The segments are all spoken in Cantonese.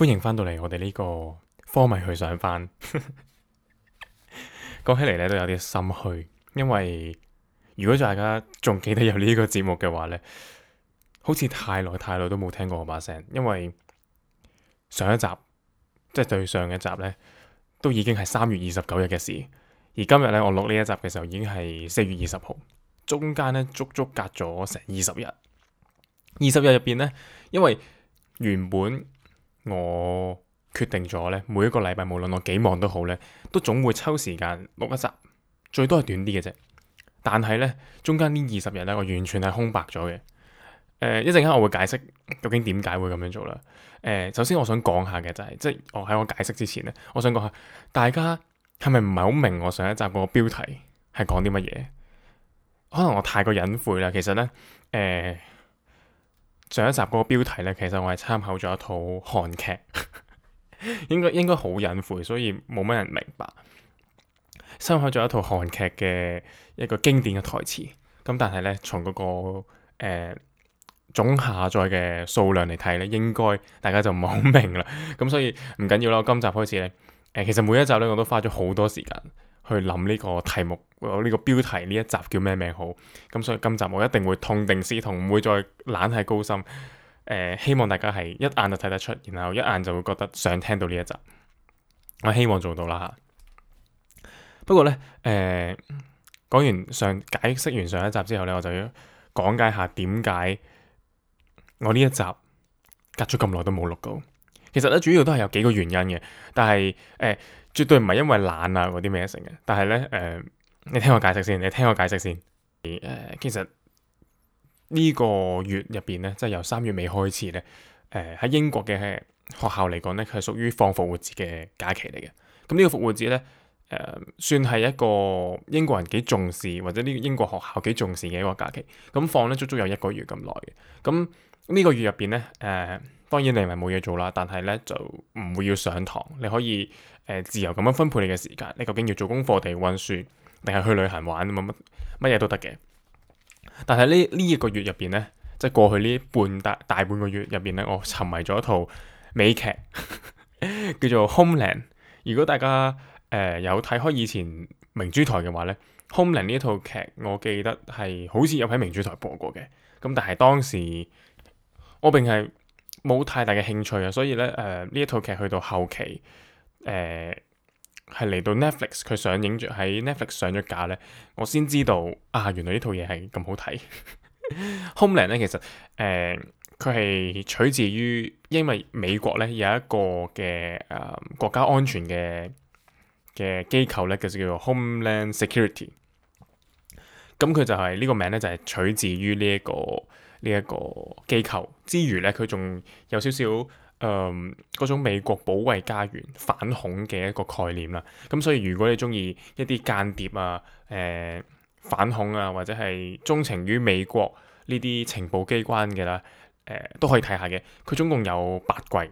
歡迎翻到嚟我哋呢個科米去上班。 講起嚟咧都有啲心虛，因為如果大家仲記得有個節呢個節目嘅話咧，好似太耐太耐都冇聽過我把聲。因為上一集即係對上一集咧，都已經係三月二十九日嘅事，而今日咧我錄呢一集嘅時候已經係四月二十號，中間咧足足隔咗成二十日。二十日入邊咧，因為原本。我決定咗咧，每一個禮拜無論我幾忙都好咧，都總會抽時間錄一集，最多係短啲嘅啫。但係咧中間呢二十日咧，我完全係空白咗嘅。誒，一陣間我會解釋究竟點解會咁樣做啦。誒，首先我想講下嘅就係，即係我喺我解釋之前咧，我想講下大家係咪唔係好明我上一集嗰個標題係講啲乜嘢？可能我太過隱晦啦。其實咧，誒。上一集嗰個標題咧，其實我係參考咗一套韓劇， 應該應該好隱晦，所以冇乜人明白。參考咗一套韓劇嘅一個經典嘅台詞，咁但係咧從嗰、那個誒、呃、總下載嘅數量嚟睇咧，應該大家就冇明啦。咁所以唔緊要啦，我今集開始咧，誒、呃、其實每一集咧我都花咗好多時間。去諗呢個題目，我呢個標題呢一集叫咩名好？咁所以今集我一定會痛定思痛，唔會再懶係高深。誒、呃，希望大家係一眼就睇得出，然後一眼就會覺得想聽到呢一集。我希望做到啦吓。不過呢，誒、呃，講完上解釋完上一集之後呢，我就要講解下點解我呢一集隔咗咁耐都冇錄到。其實咧，主要都係有幾個原因嘅，但係誒。呃絕對唔係因為懶啊，嗰啲咩成嘅，但係咧誒，你聽我解釋先，你聽我解釋先。誒，其實呢個月入邊咧，即係由三月尾開始咧，誒、呃、喺英國嘅學校嚟講咧，佢係屬於放復活節嘅假期嚟嘅。咁呢個復活節咧，誒、呃、算係一個英國人幾重視，或者呢個英國學校幾重視嘅一個假期。咁放咧足足有一個月咁耐嘅。咁呢個月入邊咧，誒、呃、當然你係咪冇嘢做啦，但係咧就唔會要上堂，你可以。誒，自由咁樣分配你嘅時間，你究竟要做功課定係溫書，定係去旅行玩，冇乜乜嘢都得嘅。但係呢呢一個月入邊咧，即係過去呢半大大半個月入邊咧，我沉迷咗一套美劇， 叫做《Homeland》。如果大家誒、呃、有睇開以前明珠台嘅話咧， 《Homeland》呢一套劇，我記得係好似有喺明珠台播過嘅。咁但係當時我並係冇太大嘅興趣啊，所以咧誒呢一、呃、套劇去到後期。誒，係嚟、呃、到 Netflix 佢上映咗喺 Netflix 上咗架咧，我先知道啊，原來套 呢套嘢係咁好睇。Homeland 咧，其實誒，佢、呃、係取自於因為美國咧有一個嘅誒、嗯、國家安全嘅嘅機構咧，叫做叫做 Homeland Security。咁佢就係、是、呢、這個名咧，就係、是、取自於、這個這個、呢一個呢一個機構之餘咧，佢仲有少少。嗯，嗰種美國保衞家園反恐嘅一個概念啦，咁所以如果你中意一啲間諜啊、誒、呃、反恐啊，或者係鍾情於美國呢啲情報機關嘅啦，誒、呃、都可以睇下嘅。佢總共有八季，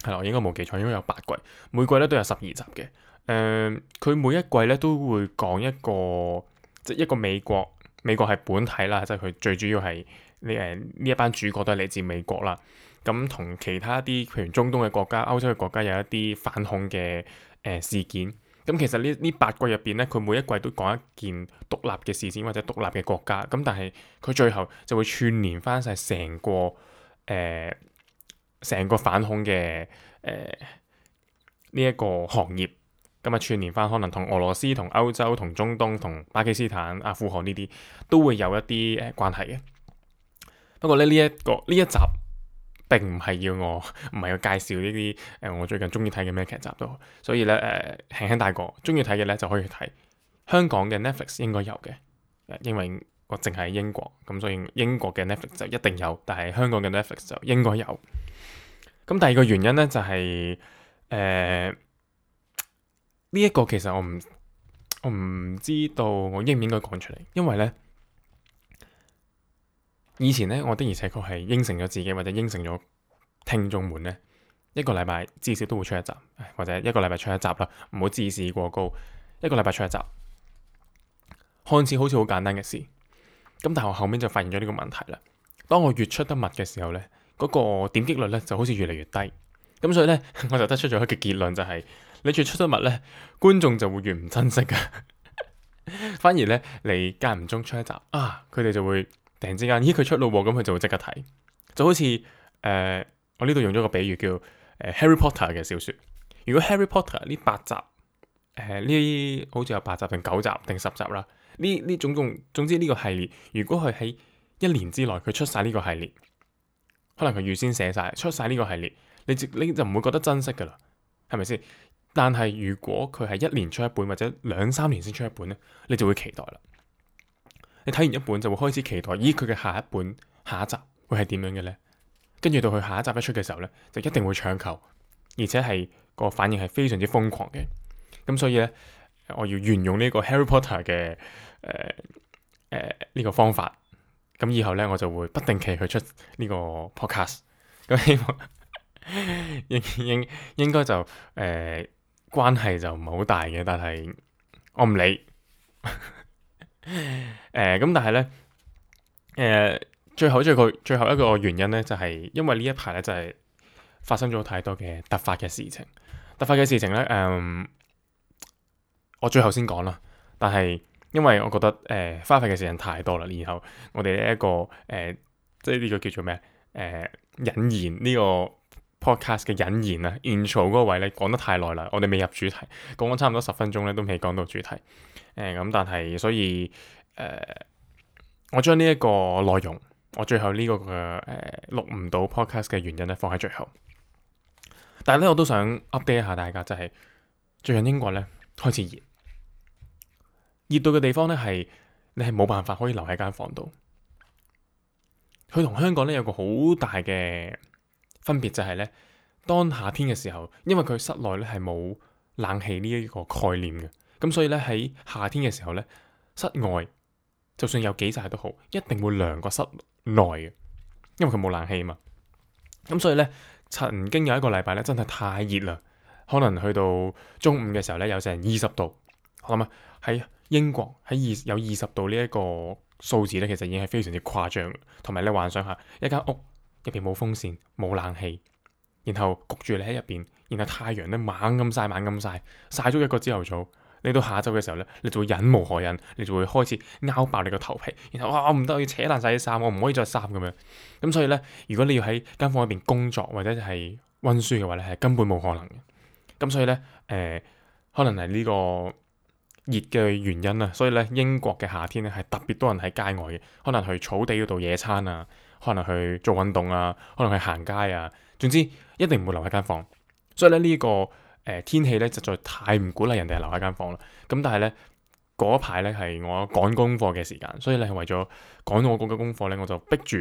係啦，我應該冇記錯，應該有八季，每季咧都有十二集嘅。誒、呃，佢每一季咧都會講一個即、即係、一個美國美國係本體啦，即係佢最主要係呢誒呢一班主角都係嚟自美國啦。咁同其他一啲譬如中東嘅國家、歐洲嘅國家有一啲反恐嘅誒、呃、事件。咁、嗯、其實呢呢八季入邊咧，佢每一季都講一件獨立嘅事件或者獨立嘅國家。咁、嗯、但係佢最後就會串連翻晒成個誒成、呃、個反恐嘅誒呢一個行業。咁、嗯、啊串連翻可能同俄羅斯、同歐洲、同中東、同巴基斯坦、阿富汗呢啲都會有一啲誒、呃、關係嘅。不過咧，呢一個呢一集。並唔係要我，唔係要介紹呢啲，誒、呃、我最近中意睇嘅咩劇集都好，所以咧誒、呃、輕輕帶過，中意睇嘅咧就可以去睇。香港嘅 Netflix 應該有嘅，因為我淨係英國，咁所以英國嘅 Netflix 就一定有，但係香港嘅 Netflix 就應該有。咁第二個原因咧就係、是，誒呢一個其實我唔我唔知道我應唔應該講出嚟，因為咧。以前咧，我的而且確係應承咗自己，或者應承咗聽眾們咧，一個禮拜至少都會出一集，或者一個禮拜出一集啦，唔好自視過高，一個禮拜出一集，看似好似好簡單嘅事。咁但係我後面就發現咗呢個問題啦。當我越出得密嘅時候呢，嗰、嗰個點擊率呢就好似越嚟越低。咁所以呢，我就得出咗一個結論，就係，就係你越出得密呢，觀眾就會越唔珍惜嘅， 反而呢，你間唔中出一集啊，佢哋就會。突然之間，咦佢出咯喎，咁佢就會即刻睇，就好似誒、呃、我呢度用咗個比喻叫、呃、《Harry Potter》嘅小説。如果《Harry Potter》呢、呃、八集誒呢，好似有八集定九集定十集啦，呢呢種種總之呢個系列，如果佢喺一年之內佢出晒呢個系列，可能佢預先寫晒，出晒呢個系列，你就你就唔會覺得珍惜噶啦，係咪先？但係如果佢係一年出一本或者兩三年先出一本咧，你就會期待啦。你睇完一本就會開始期待，咦佢嘅下一本下一集會係點樣嘅呢？跟住到佢下一集一出嘅時候呢，就一定會搶購，而且係個反應係非常之瘋狂嘅。咁所以呢，我要沿用呢個 Harry Potter 嘅誒誒呢個方法。咁以後呢，我就會不定期去出呢個 podcast。咁希望應 應應該就誒、呃、關係就唔係好大嘅，但係我唔理。 誒，咁、呃、但係咧，誒、呃，最後一個最後一個原因咧，就係、是、因為呢一排咧，就係、是、發生咗太多嘅突發嘅事情。突發嘅事情咧，誒、嗯，我最後先講啦。但係因為我覺得誒、呃，花費嘅時間太多啦。然後我哋呢一個誒，即係呢個叫做咩誒，引、呃、言、這個、呢個 podcast 嘅引言啊 intro 嗰個位咧，講得太耐啦。我哋未入主題，講咗差唔多十分鐘咧，都未講到主題。誒，咁、嗯、但係所以誒、呃，我將呢一個內容，我最後呢個嘅誒錄唔到 podcast 嘅原因咧，放喺最後。但係咧，我都想 update 一下大家，就係、是、最近英國咧開始熱，熱到嘅地方咧係你係冇辦法可以留喺間房度。佢同香港咧有個好大嘅分別就係、是、咧，當夏天嘅時候，因為佢室內咧係冇冷氣呢一個概念嘅。咁所以咧，喺夏天嘅時候咧，室外就算有幾曬都好，一定會涼過室內嘅，因為佢冇冷氣啊嘛。咁所以咧，曾經有一個禮拜咧，真係太熱啦。可能去到中午嘅時候咧，有成二十度。我諗啊，喺英國喺二有二十度呢一個數字咧，其實已經係非常之誇張。同埋你幻想一下一間屋入邊冇風扇冇冷氣，然後焗住你喺入邊，然後太陽咧猛咁曬、猛咁曬，曬咗一個朝頭早。你到下晝嘅時候咧，你就會忍無可忍，你就會開始拗爆你個頭皮，然後哇唔得，我要扯爛晒啲衫，我唔可以著衫咁樣。咁所以咧，如果你要喺間房入邊工作或者係溫書嘅話咧，係根本冇可能嘅。咁所以咧，誒、呃、可能係呢個熱嘅原因啦。所以咧，英國嘅夏天咧係特別多人喺街外嘅，可能去草地嗰度野餐啊，可能去做運動啊，可能去行街啊，總之一定唔會留喺間房。所以咧呢、呢個。誒，天氣咧實在太唔鼓勵人哋留喺間房啦。咁但係咧，嗰一排咧係我趕功課嘅時間，所以咧為咗趕我嗰個功課咧，我就逼住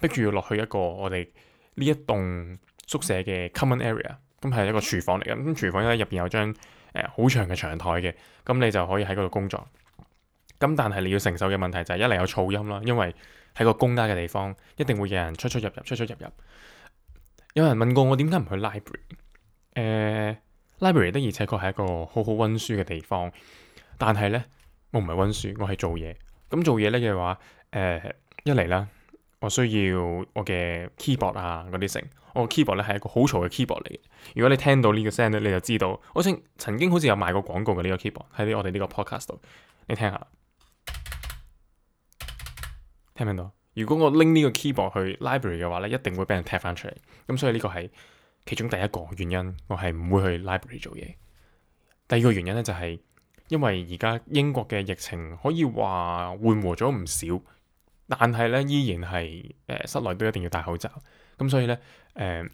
逼住要落去一個我哋呢一棟宿舍嘅 common area，咁係一個廚房嚟嘅。咁、嗯、廚房咧入邊有張誒好長嘅長台嘅，咁你就可以喺嗰度工作。咁但係你要承受嘅問題就係一嚟有噪音啦，因為喺個公家嘅地方一定會有人出出入入出出入入。有人問過我點解唔去 library，誒。呃 library 咧，而且佢係一個好好溫書嘅地方。但係咧，我唔係溫書，我係做嘢。咁做嘢咧嘅話，誒、呃，一嚟啦，我需要我嘅 keyboard 啊嗰啲成。我 keyboard 咧係一個好嘈嘅 keyboard 嚟。如果你聽到呢個聲咧，你就知道我曾曾經好似有賣過廣告嘅呢個 keyboard 喺我哋呢個 podcast 度。你聽下，聽唔聽到？如果我拎呢個 keyboard 去 library 嘅話咧，一定會俾人踢返出嚟。咁所以呢個係。其中第一個原因，我係唔會去 library 做嘢。第二個原因咧，就係、是、因為而家英國嘅疫情可以話緩和咗唔少，但係咧依然係誒、呃、室內都一定要戴口罩。咁所以咧誒、呃，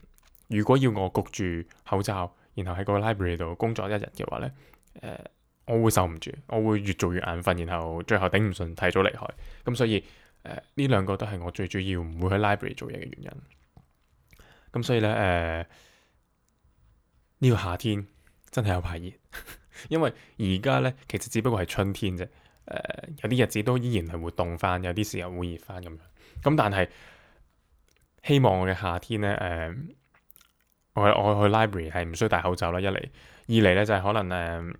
如果要我焗住口罩，然後喺個 library 度工作一日嘅話咧，誒、呃、我會受唔住，我會越做越眼瞓，然後最後頂唔順提早離開。咁所以誒，呢、呃、兩個都係我最主要唔會喺 library 做嘢嘅原因。咁所以咧，誒、呃、呢、這個夏天真係有排熱， 因為而家咧其實只不過係春天啫。誒、呃、有啲日子都依然係會凍翻，有啲時候會熱翻咁樣。咁但係希望我嘅夏天咧，誒、呃、我我去 library 係唔需要戴口罩啦。一嚟，二嚟咧就係、是、可能誒、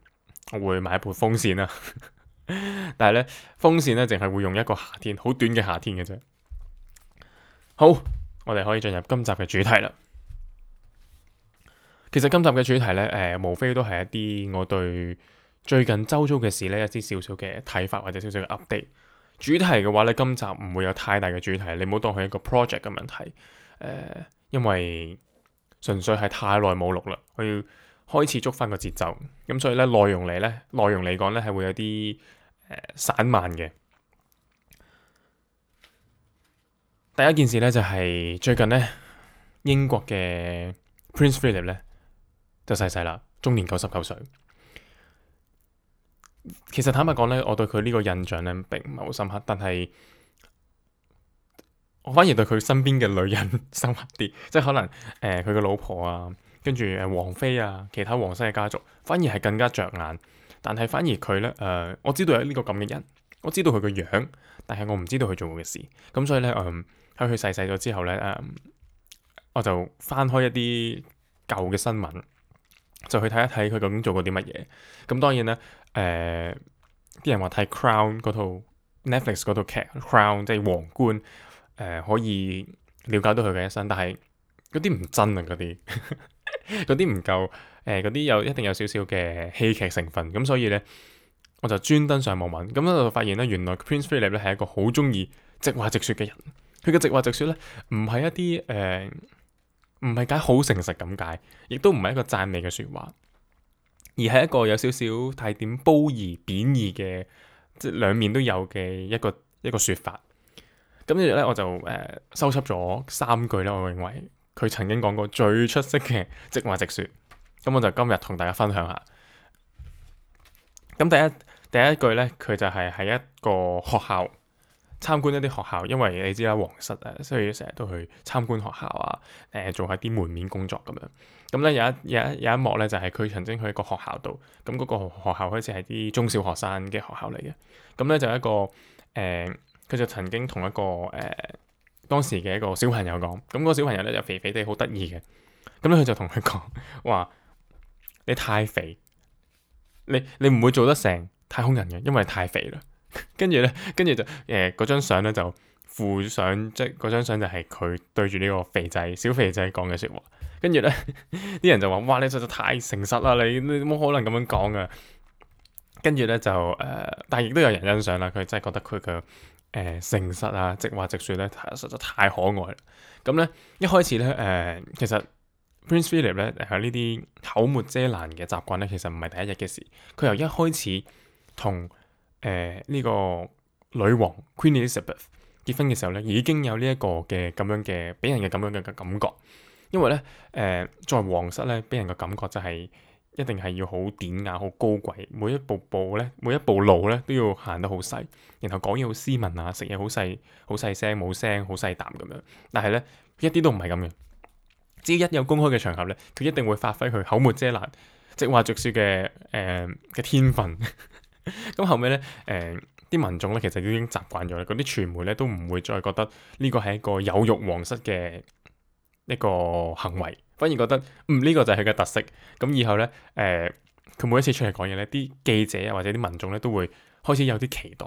呃，我會買一部風扇啦。 但係咧風扇咧，淨係會用一個夏天，好短嘅夏天嘅啫。好。我哋可以進入今集嘅主題啦。其實今集嘅主題呢，誒、呃、無非都係一啲我對最近周遭嘅事呢，一啲少少嘅睇法或者少少嘅 update。主題嘅話呢，今集唔會有太大嘅主題，你唔好當佢一個 project 嘅問題。誒、呃，因為純粹係太耐冇錄啦，我要開始捉翻個節奏，咁所以呢，內容嚟呢，內容嚟講呢，係會有啲誒、呃、散漫嘅。第一件事咧就係、是、最近咧英國嘅 Prince Philip 咧就逝世啦，終年九十九歲。其實坦白講咧，我對佢呢個印象咧並唔係好深刻，但係我反而對佢身邊嘅女人深刻啲，即、就、係、是、可能誒佢嘅老婆啊，跟住誒王妃啊，其他皇室嘅家族，反而係更加着眼。但係反而佢咧誒，我知道有呢個咁嘅人，我知道佢嘅樣，但係我唔知道佢做過嘅事。咁所以咧，嗯、呃。佢逝世咗之後呢，誒、嗯，我就翻開一啲舊嘅新聞，就去睇一睇佢究竟做過啲乜嘢。咁當然啦，誒、呃，啲人話睇 Cr《Crown》嗰套 Netflix 嗰套劇，Crown，《Crown》即係皇冠，可以了解到佢嘅一生，但係嗰啲唔真啊，嗰啲嗰啲唔夠，誒、呃，嗰啲有一定有少少嘅戲劇成分。咁所以呢，我就專登上網問，咁咧就發現呢，原來 Prince Philip 咧係一個好中意直話直説嘅人。佢嘅直話直説咧，唔係一啲誒，唔係解好誠實咁解，亦都唔係一個讚美嘅説話，而係一個有少少帶點褒義、貶義嘅，即係兩面都有嘅一個一個説法。咁跟住咧，我就誒、呃、收集咗三句啦。我認為佢曾經講過最出色嘅直話直説。咁我就今日同大家分享下。咁第一第一句咧，佢就係喺一個學校，參觀一啲學校，因為你知啦，皇室啊，所以成日都去參觀學校啊，誒、呃，做下啲門面工作咁樣。咁、嗯、咧有一有一有一幕咧，就係、是、佢曾經去一個學校度，咁、嗯、嗰、那個學校好似係啲中小學生嘅學校嚟嘅。咁、嗯、咧就一個誒，佢、呃、就曾經同一個誒、呃、當時嘅一個小朋友講，咁、嗯，那個小朋友咧就肥肥哋，好得意嘅。咁咧佢就同佢講話：你太肥，你你唔會做得成太空人嘅，因為太肥啦。跟住咧，跟住就誒嗰、呃、張相咧就附上，即嗰張相就係佢對住呢個肥仔小肥仔講嘅說話。跟住咧，啲人就話，哇！你實在太誠實啦，你你冇可能咁樣講噶。跟住咧就誒、呃，但係亦都有人欣賞啦，佢真係覺得佢嘅誒誠實啊，直話直說咧，實在太可愛啦。咁咧一開始咧，誒其實 Prince Philip 咧喺呢啲口沒遮攔嘅習慣咧，其實唔係第一日嘅事。佢由一開始同。誒，呢、呃這個女王 Queen Elizabeth 結婚嘅時候咧，已經有呢一個嘅咁樣嘅俾人嘅咁樣嘅嘅感覺，因為咧，誒、呃，作為皇室咧，俾人嘅感覺就係、是、一定係要好典雅、好高貴，每一步步咧，每一步路咧，都要行得好細，然後講嘢好斯文啊，食嘢好細、好細聲、冇聲、好細啖咁樣。但係咧，佢一啲都唔係咁嘅。只要一有公開嘅場合咧，佢一定會發揮佢口沒遮攔、直話直說嘅，誒、呃、嘅天分。咁、嗯、後尾咧，誒、呃，啲民眾咧，其實已經習慣咗啦，嗰啲傳媒咧都唔會再覺得呢個係一個有辱皇室嘅一個行為，反而覺得嗯呢、這個就係佢嘅特色。咁、嗯、以後咧，誒、呃，佢每一次出嚟講嘢咧，啲記者啊或者啲民眾咧都會開始有啲期待，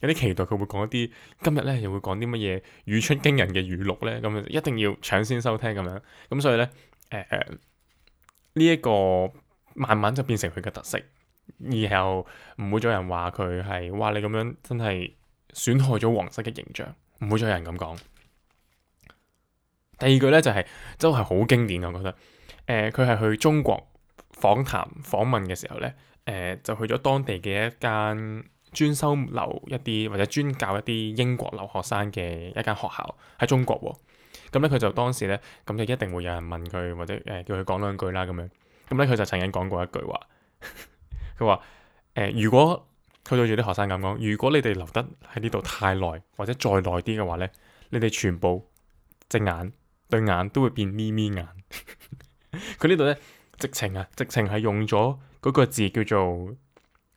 有啲期待佢會講一啲今日咧又會講啲乜嘢語出驚人嘅語錄咧，咁、嗯、一定要搶先收聽咁樣。咁、嗯、所以咧，誒、呃、呢、呃、一、這個慢慢就變成佢嘅特色。然後唔會再有人話佢係哇，你咁樣真係損害咗皇室嘅形象，唔會再有人咁講。第二句咧就係真係好經典，我覺得誒，佢、呃、係去中國訪談訪問嘅時候咧，誒、呃、就去咗當地嘅一間專修留一啲或者專教一啲英國留學生嘅一間學校喺中國喎、哦。咁咧佢就當時咧咁就一定會有人問佢或者誒、呃、叫佢講兩句啦咁樣。咁咧佢就曾經講過一句話。 佢話：誒、呃，如果佢對住啲學生咁講，如果你哋留得喺呢度太耐，或者再耐啲嘅話咧，你哋全部隻眼對眼都會變咪咪眼。佢 呢度咧，直情啊，直情係用咗嗰個字叫做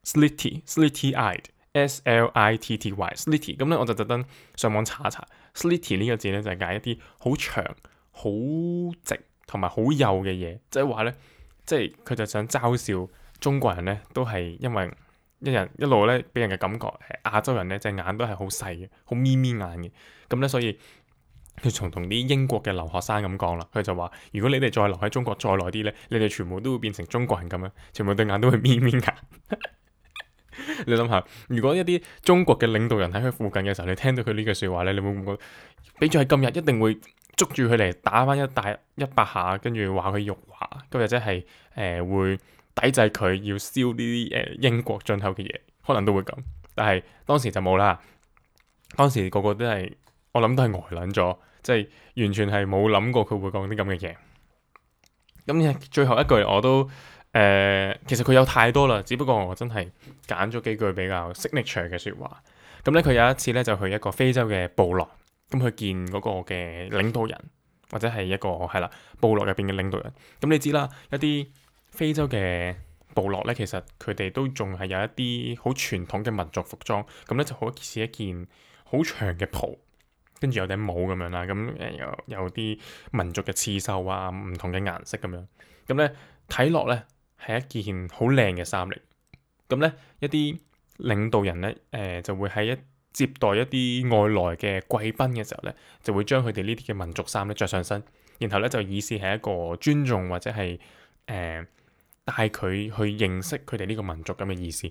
slitty slitty eyed s l i t t y slitty。咁咧，我就特登上網查一查 slitty 呢個字咧，就係、是、解一啲好長、好直同埋好幼嘅嘢，即係話咧，即係佢就想嘲笑。中國人咧，都係因為一人一路咧，俾人嘅感覺，亞洲人咧，隻眼都係好細嘅，好眯眯眼嘅。咁咧所以，從同啲英國嘅留學生咁講啦，佢就話：如果你哋再留喺中國再耐啲咧，你哋全部都會變成中國人咁樣，全部對眼都會眯眯眼。 你諗下，如果一啲中國嘅領導人喺佢附近嘅時候，你聽到佢呢句説話咧，你會唔會覺得？比著係今日一定會捉住佢嚟打翻一大一百下，跟住話佢辱華，今日即係誒會。抵制佢要燒呢啲誒英國進口嘅嘢，可能都會咁，但係當時就冇啦。當時個個都係我諗都係呆撚咗，即係完全係冇諗過佢會講啲咁嘅嘢。咁呢最後一句我都誒、呃，其實佢有太多啦，只不過我真係揀咗幾句比較 signature 嘅説話。咁咧佢有一次咧就去一個非洲嘅部落，咁去見嗰個嘅領導人或者係一個係啦部落入邊嘅領導人。咁你知啦，一啲。非洲嘅部落咧，其實佢哋都仲係有一啲好傳統嘅民族服裝，咁咧就好似一件好長嘅袍，跟住有頂帽咁樣啦，咁誒有有啲民族嘅刺繡啊，唔同嘅顏色咁樣，咁咧睇落咧係一件好靚嘅衫嚟，咁咧一啲領導人咧誒、呃、就會喺一接待一啲外來嘅貴賓嘅時候咧，就會將佢哋呢啲嘅民族衫咧着上身，然後咧就以示係一個尊重或者係誒。呃帶佢去認識佢哋呢個民族咁嘅意思。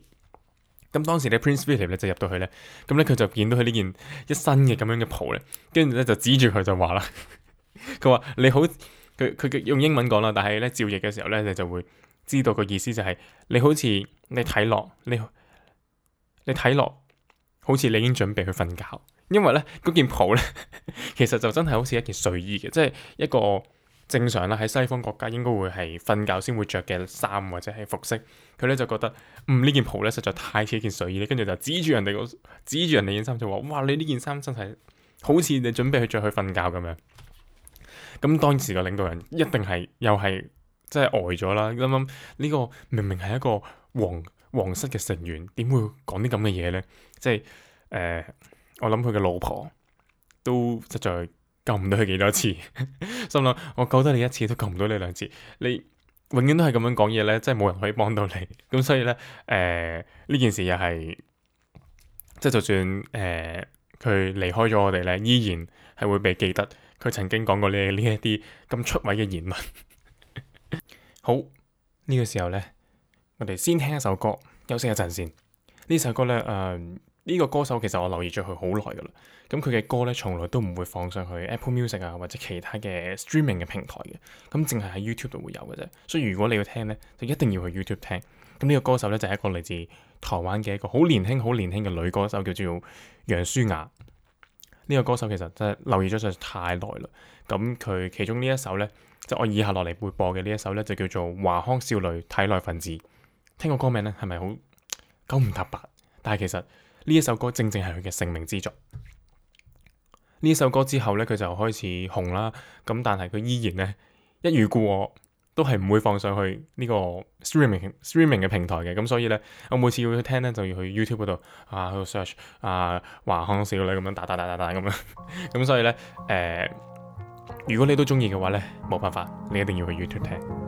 咁當時咧 Prince Philip 咧就入到去咧，咁咧佢就見到佢呢件一身嘅咁樣嘅袍咧，跟住咧就指住佢就話啦：佢 話你好，佢佢用英文講啦，但係咧照譯嘅時候咧，你就會知道個意思就係你好似你睇落，你你睇落好似你已經準備去瞓覺，因為咧嗰件袍咧其實就真係好似一件睡衣嘅，即係一個。正常啦、啊，喺西方國家應該會係瞓覺先會著嘅衫或者係服飾。佢咧就覺得，嗯呢件袍咧實在太似一件睡衣。跟住就指住人哋個指住人哋件衫就話：哇！你呢件衫真係好似你準備去著去瞓覺咁樣。咁當時嘅領導人一定係又係真係呆咗啦。諗諗呢個明明係一個皇皇室嘅成員，點會講啲咁嘅嘢咧？即係誒、呃，我諗佢嘅老婆都實在。救唔到佢幾多次 心，心諗我救得你一次都救唔到你兩次，你永遠都係咁樣講嘢咧，真係冇人可以幫到你。咁 所以咧，誒、呃、呢件事又係即係就算誒佢離開咗我哋咧，依然係會被記得佢曾經講過呢呢一啲咁出位嘅言論。 好，呢、這個時候咧，我哋先聽一首歌休息一陣先。呢首歌咧，誒、呃。呢個歌手其實我留意咗佢好耐㗎啦。咁佢嘅歌呢，從來都唔會放上去 Apple Music 啊，或者其他嘅 streaming 嘅平台嘅。咁淨係喺 YouTube 度會有嘅啫。所以如果你要聽呢，就一定要去 YouTube 聽。咁呢個歌手呢，就係、是、一個嚟自台灣嘅一個好年輕、好年輕嘅女歌手，叫做楊舒雅。呢、這個歌手其實真係留意咗佢太耐啦。咁佢其中呢一首咧，就是、我以下落嚟會播嘅呢一首呢，就叫做《華康少女體內分子》。聽個歌名呢，係咪好九唔搭八？但係其實。呢一首歌正正係佢嘅成名之作。呢首歌之後呢，佢就開始紅啦。咁但係佢依然呢，一如故我，我都係唔會放上去呢個 streaming streaming 嘅平台嘅。咁所以呢，我每次要去聽呢，就要去 YouTube 嗰度啊，去 search 啊，華康少女咁樣打打打打打咁樣。咁、嗯、所以呢，誒、呃，如果你都中意嘅話呢，冇辦法，你一定要去 YouTube 聽。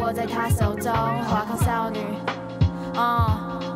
握在她手中，華康少女。Uh.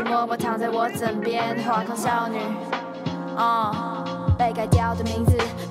默默躺在我枕邊的華康少女，uh，被改掉的名字。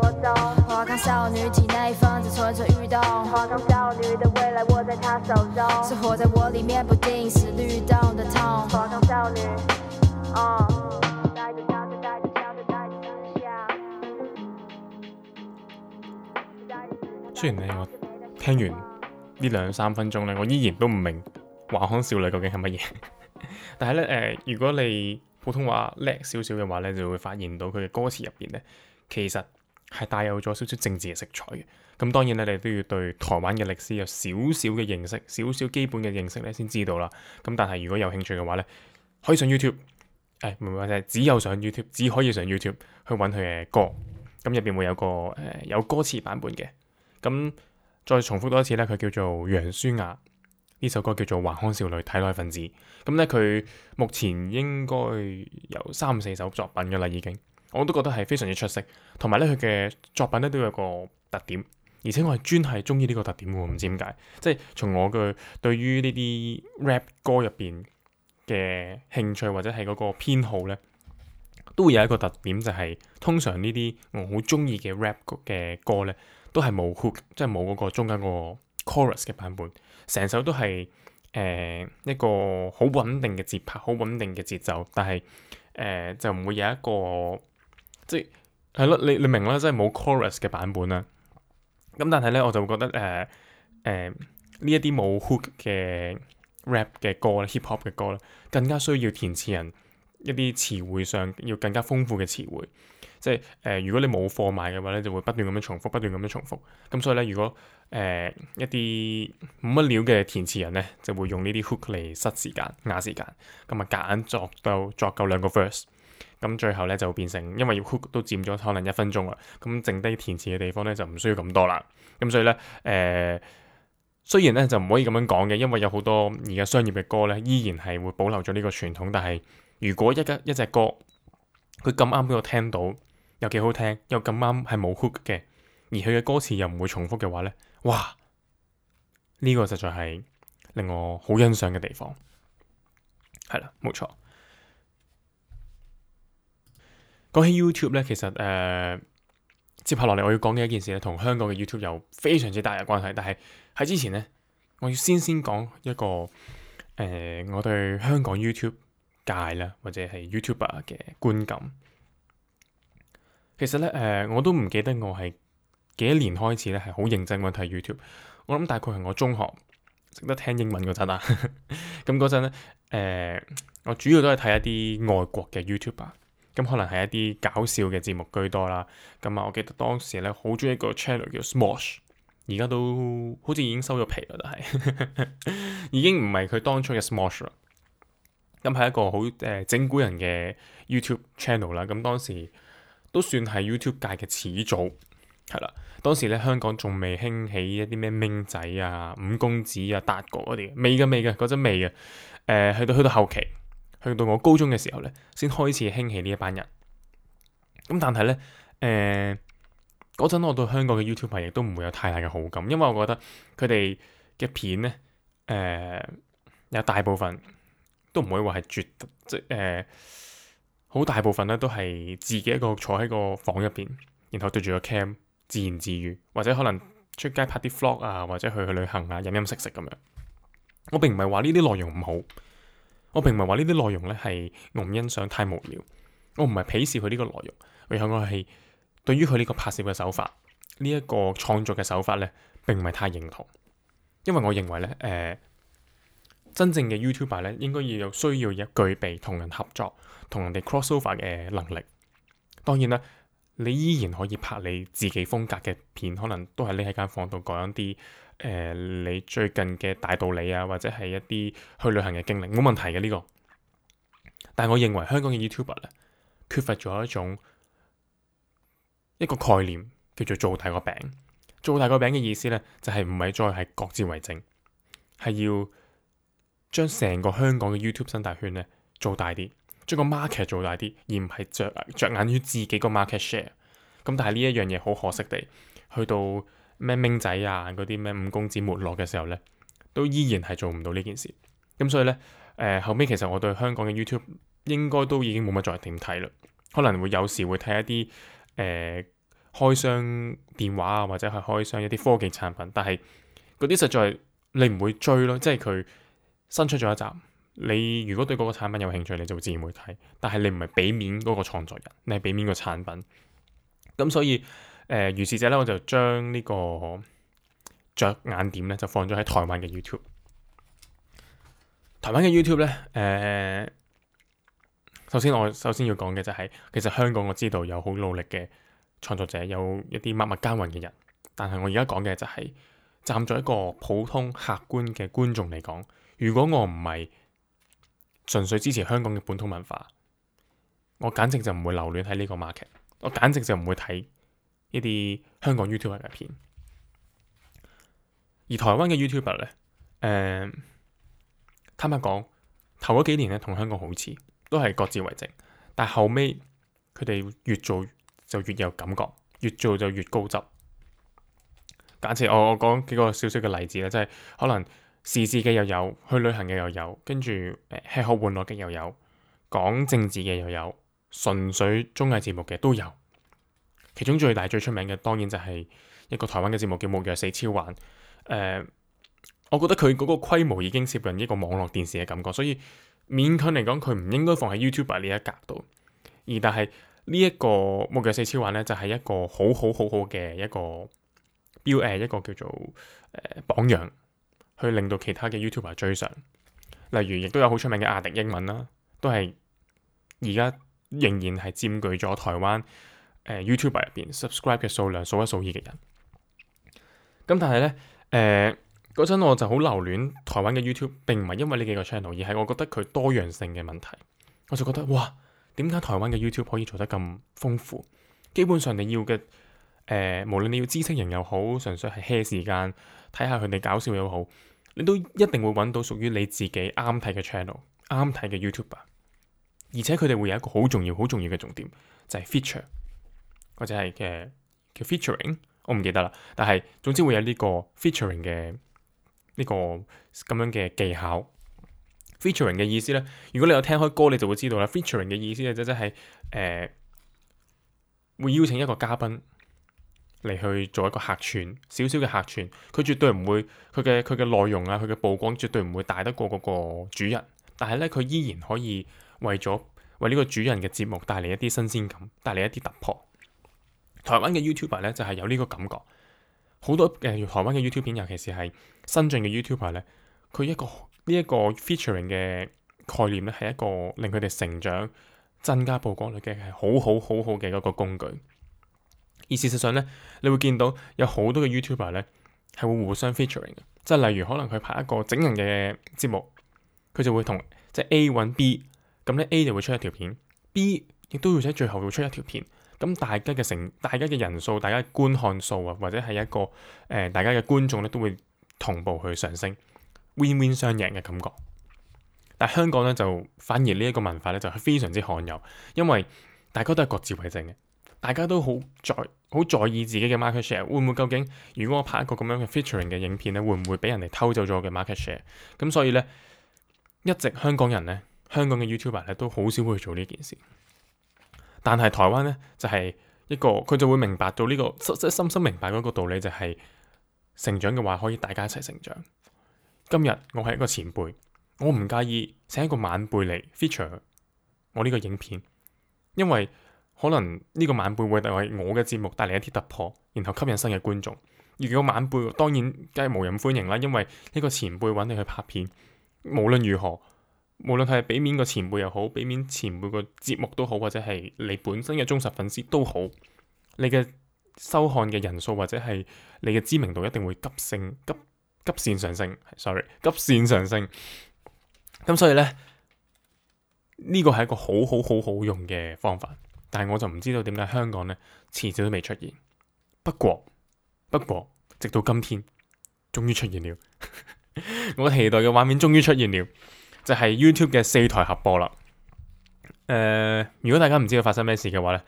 華康少女體內分子蠢蠢欲動，少女的未來握在她手中，生活在我裏面不定時律動的痛。少女，雖然咧，我聽完呢兩三分鐘呢，我依然都唔明華康少女究竟係乜嘢， 但係咧誒，如果你普通話叻少少嘅話咧，就會發現到佢嘅歌詞入邊咧，其實。係帶有咗少少政治嘅色彩嘅，咁當然咧，你都要對台灣嘅歷史有少少嘅認識，少少基本嘅認識咧，先知道啦。咁但係如果有興趣嘅話咧，可以上 YouTube，誒、哎、唔係話就係只有上 YouTube，只可以上 YouTube 去揾佢嘅歌。咁入邊會有個誒、呃、有歌詞版本嘅。咁再重複多一次咧，佢叫做楊舒雅，呢首歌叫做《華康少女體內分子》。咁咧佢目前應該有三四首作品㗎喇，已經。我都覺得係非常之出色，同埋咧佢嘅作品咧都有個特點，而且我係專係中意呢個特點喎，唔知點解，即係從我嘅對於呢啲 rap 歌入邊嘅興趣或者係嗰個偏好咧，都會有一個特點，就係通常呢啲我好中意嘅 rap 嘅歌咧，都係冇 hook，即係冇嗰個中間嗰個 chorus 嘅版本，成首都係誒、呃、一個好穩定嘅節拍、好穩定嘅節奏，但係誒、呃、就唔會有一個。即係係咯，你你明啦，即係冇 chorus 嘅版本啦。咁但係咧，我就會覺得誒誒呢一啲冇 hook 嘅 rap 嘅歌 hip hop 嘅歌啦，更加需要填詞人一啲詞彙上要更加豐富嘅詞彙。即係誒、呃，如果你冇貨賣嘅話咧，就會不斷咁樣重複，不斷咁樣重複。咁所以咧，如果誒、呃、一啲冇乜料嘅填詞人咧，就會用呢啲 hook 嚟塞時間、壓時間，咁啊夾硬作到作夠兩個 verse。咁最後咧就變成，因為 hook 都佔咗可能一分鐘啦，咁剩低填詞嘅地方咧就唔需要咁多啦。咁所以咧，誒、呃、雖然咧就唔可以咁樣講嘅，因為有好多而家商業嘅歌咧，依然係會保留咗呢個傳統。但係如果一間一隻歌，佢咁啱俾我聽到，又幾好聽，又咁啱係冇 hook 嘅，而佢嘅歌詞又唔會重複嘅話咧，哇！呢個實在係令我好欣賞嘅地方。係啦，冇錯。講起 YouTube 咧，其實誒、呃、接下落嚟我要講嘅一件事咧，同香港嘅 YouTube 有非常之大嘅關係。但係喺之前咧，我要先先講一個誒、呃，我對香港 YouTube 界啦，或者係 YouTuber 嘅觀感。其實咧，誒、呃、我都唔記得我係幾多年開始咧，係好認真咁睇 YouTube。我諗大概係我中學識得聽英文嗰陣啊。咁嗰陣咧，誒、呃、我主要都係睇一啲外國嘅 YouTuber。咁可能係一啲搞笑嘅節目居多啦。咁啊，我記得當時咧，好中意一個 channel 叫做 Smosh，而家都好似已經收咗皮啦、 呃、啦，都係已經唔係佢當初嘅 Smosh 啦。咁係一個好誒整蠱人嘅 YouTube channel 啦。咁當時都算係 YouTube 界嘅始祖，係啦。當時咧，香港仲未興起一啲咩明仔啊、五公子啊、達哥嗰啲，未嘅未嘅嗰陣未嘅。誒、呃，去到去到後期。去到我高中嘅時候呢，先開始興起呢一班人。咁但係呢，誒、呃，嗰陣我對香港嘅 YouTuber 亦都唔會有太大嘅好感，因為我覺得佢哋嘅片呢，誒、呃，有大部分都唔會話係絕，即係誒，好、呃、大部分呢，都係自己一個坐喺個房入邊，然後對住個 cam 自言自語，或者可能出街拍啲 vlog 啊，或者去去旅行啊，飲飲食食咁樣。我並唔係話呢啲內容唔好。我並唔係話呢啲內容呢係我唔欣賞，太無聊。我唔係鄙視佢呢個內容，而係我係對於佢呢個拍攝嘅手法，呢、這、一個創作嘅手法呢並唔係太認同。因為我認為呢，誒、呃、真正嘅 YouTuber 呢，應該要有需要有具備同人合作、同人哋 crossover 嘅能力。當然啦，你依然可以拍你自己風格嘅片，可能都係你喺間房度講一啲。誒、呃，你最近嘅大道理啊，或者係一啲去旅行嘅經歷，冇問題嘅呢、呢個。但係我認為香港嘅 YouTuber 咧，缺乏咗一種一個概念，叫做做大個餅。做大個餅嘅意思呢，就係唔係再係各自為政，係要將成個香港嘅 YouTube 生態圈呢做大啲，將個 market 做大啲，而唔係着著眼於自己個 market share。咁、嗯、但係呢一樣嘢好可惜地，去到。咩明仔啊，嗰啲咩五公子沒落嘅時候呢，都依然係做唔到呢件事。咁所以呢，誒、呃、後尾其實我對香港嘅 YouTube 應該都已經冇乜再點睇啦。可能會有時會睇一啲誒、呃、開箱電話啊，或者係開箱一啲科技產品，但係嗰啲實在你唔會追咯。即係佢新出咗一集，你如果對嗰個產品有興趣，你就自然會睇。但係你唔係俾面嗰個創作人，你係俾面個產品。咁所以。誒，如、呃、是者咧，我就將呢個着眼點咧，就放咗喺台灣嘅 YouTube。台灣嘅 YouTube 咧，誒、呃，首先我首先要講嘅就係、是、其實香港我知道有好努力嘅創作者，有一啲默默耕耘嘅人。但係我而家講嘅就係、是、站在一個普通客觀嘅觀眾嚟講，如果我唔係純粹支持香港嘅本土文化，我簡直就唔會留戀喺呢個 market，我簡直就唔會睇，一啲香港 YouTuber 嘅片，而台灣嘅 YouTuber 呢，誒、嗯，坦白講，頭嗰幾年呢，同香港好似，都係各自為政。但後尾，佢哋越做就越有感覺，越做就越高質。假設我我講幾個小小嘅例子咧，即係可能時事嘅又有，去旅行嘅又有，跟住吃喝玩樂嘅又有，講政治嘅又有，純粹綜藝節目嘅都有。其中最大最出名嘅，當然就係一個台灣嘅節目叫《木曜四超玩》。誒、呃，我覺得佢嗰個規模已經接近呢個網絡電視嘅感覺，所以勉強嚟講，佢唔應該放喺 YouTuber 呢一格度。而但係呢一個《木曜四超玩》呢，就係、是、一個好好好好嘅一個標誒一,一個叫做誒、呃、榜樣，去令到其他嘅 YouTuber 追上。例如，亦都有好出名嘅阿滴英文啦、啊，都係而家仍然係佔據咗台灣。誒 YouTube 入邊 subscribe 嘅數量數一數二嘅人，咁但係呢，誒嗰陣我就好留戀台灣嘅 YouTube，並唔係因為呢幾個 channel，而係我覺得佢多樣性嘅問題。我就覺得哇，點解台灣嘅 YouTube 可以做得咁豐富？基本上你要嘅誒、呃，無論你要知識人又好，純粹係 hea 時間睇下佢哋搞笑又好，你都一定會揾到屬於你自己啱睇嘅 channel、啱睇嘅 YouTube。而且佢哋會有一個好重要、好重要嘅重點，就係 feature。或者係嘅叫 featuring，我唔記得啦。但係總之會有呢個 featuring 嘅呢、呢個咁樣嘅技巧。featuring 嘅意思呢？如果你有聽開歌，你就會知道啦。featuring 嘅意思呢、就是，啫、呃，即係誒會邀請一個嘉賓嚟去做一個客串，少少嘅客串。佢絕對唔會佢嘅佢嘅內容啊，佢嘅曝光絕對唔會大得過嗰個主人。但係呢，佢依然可以為咗為呢個主人嘅節目帶嚟一啲新鮮感，帶嚟一啲突破。台灣嘅 YouTuber 咧就係、是、有呢個感覺，好多誒、呃、台灣嘅 YouTube 片，尤其是係新晉嘅 YouTuber 咧，佢一個呢一、這個 featuring 嘅概念咧，係一個令佢哋成長、增加曝光率嘅係好好好好嘅一個工具。而事實上咧，你會見到有好多嘅 YouTuber 咧係會互相 featuring 嘅，即係例如可能佢拍一個整人嘅節目，佢就會同即係 A 揾 B，咁咧 A 就會出一條片，B 亦都會喺最後會出一條片。咁大家嘅成，大家嘅人數，大家觀看數啊，或者係一個誒，大家嘅觀眾咧都會同步去上升，win win 雙贏嘅感覺。但香港咧就反而呢一個文化咧就係非常之罕有，因為大家都係各自為政嘅，大家都好在好在意自己嘅 market share，會唔會究竟如果我拍一個咁樣嘅 featuring 嘅影片咧，會唔會俾人哋偷走咗我嘅 market share？咁所以咧一直香港人咧，香港嘅 YouTuber 咧都好少會去做呢件事。但係台灣咧，就係一個，佢就會明白到呢個，深深明白嗰個道理就係成長嘅話，可以大家一齊成長。今日我係一個前輩，我唔介意請一個晚輩嚟 feature 我呢個影片，因為可能呢個晚輩會為我嘅節目帶嚟一啲突破，然後吸引新嘅觀眾。如果晚輩當然梗係無人歡迎啦，因為呢個前輩揾你去拍片，無論如何。無論係俾面個前輩又好，俾面前輩個節目都好，或者係你本身嘅忠實粉絲都好，你嘅收看嘅人數或者係你嘅知名度，一定會急升、急急綫上升。Sorry，急綫上升。咁所以咧，呢個係一個好好好好用嘅方法，但係我就唔知道點解香港咧遲早都未出現。不過不過，直到今天終於出現了， 我期待嘅畫面終於出現了。就係 YouTube 嘅四台合播啦。誒、呃，如果大家唔知道發生咩事嘅話咧，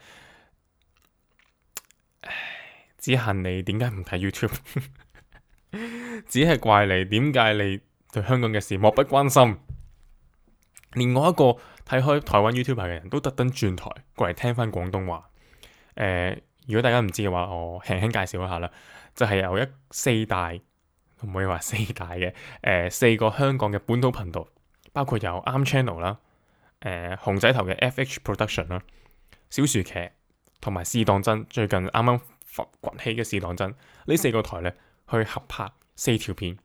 只恨你點解唔睇 YouTube， 只係怪你點解你對香港嘅事漠不關心。連我一個睇開台灣 YouTube 嘅人都特登轉台過嚟聽翻廣東話。誒、呃，如果大家唔知嘅話，我輕輕介紹一下啦。就係由一四大唔可以話四大嘅誒、呃、四個香港嘅本土頻道。包括有啱 channel 啦、呃，誒熊仔頭嘅 FH Production 啦，小薯茄同埋試當真，最近啱啱崛起嘅試當真呢四個台咧，去合拍四條片。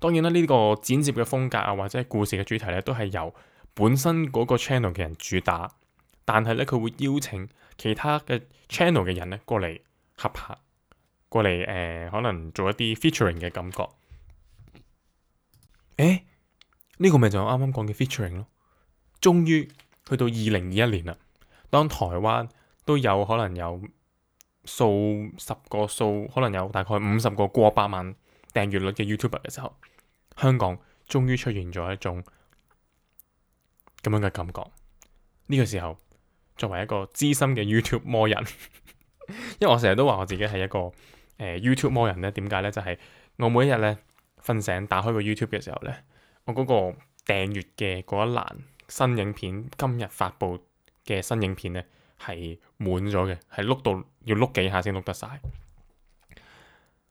當然啦，呢、這個剪接嘅風格啊，或者故事嘅主題咧，都係由本身嗰個 channel 嘅人主打，但係咧佢會邀請其他嘅 channel 嘅人咧過嚟合拍，過嚟誒、呃、可能做一啲 featuring 嘅感覺。誒、欸？呢個咪就係啱啱講嘅 featuring 咯！終於去到二零二一年啦，當台灣都有可能有數十個數，可能有大概五十個過百萬訂閱率嘅 YouTuber 嘅時候，香港終於出現咗一種咁樣嘅感覺。呢、這個時候，作為一個資深嘅 you、 呃、YouTube 魔人，因為我成日都話我自己係一個誒 YouTube 魔人咧，點解咧？就係、是、我每一日咧瞓醒打開個 YouTube 嘅時候咧。我嗰個訂閱嘅嗰一欄，新影片，今日發布嘅新影片呢，係滿咗嘅，係碌到要碌幾下先碌得晒。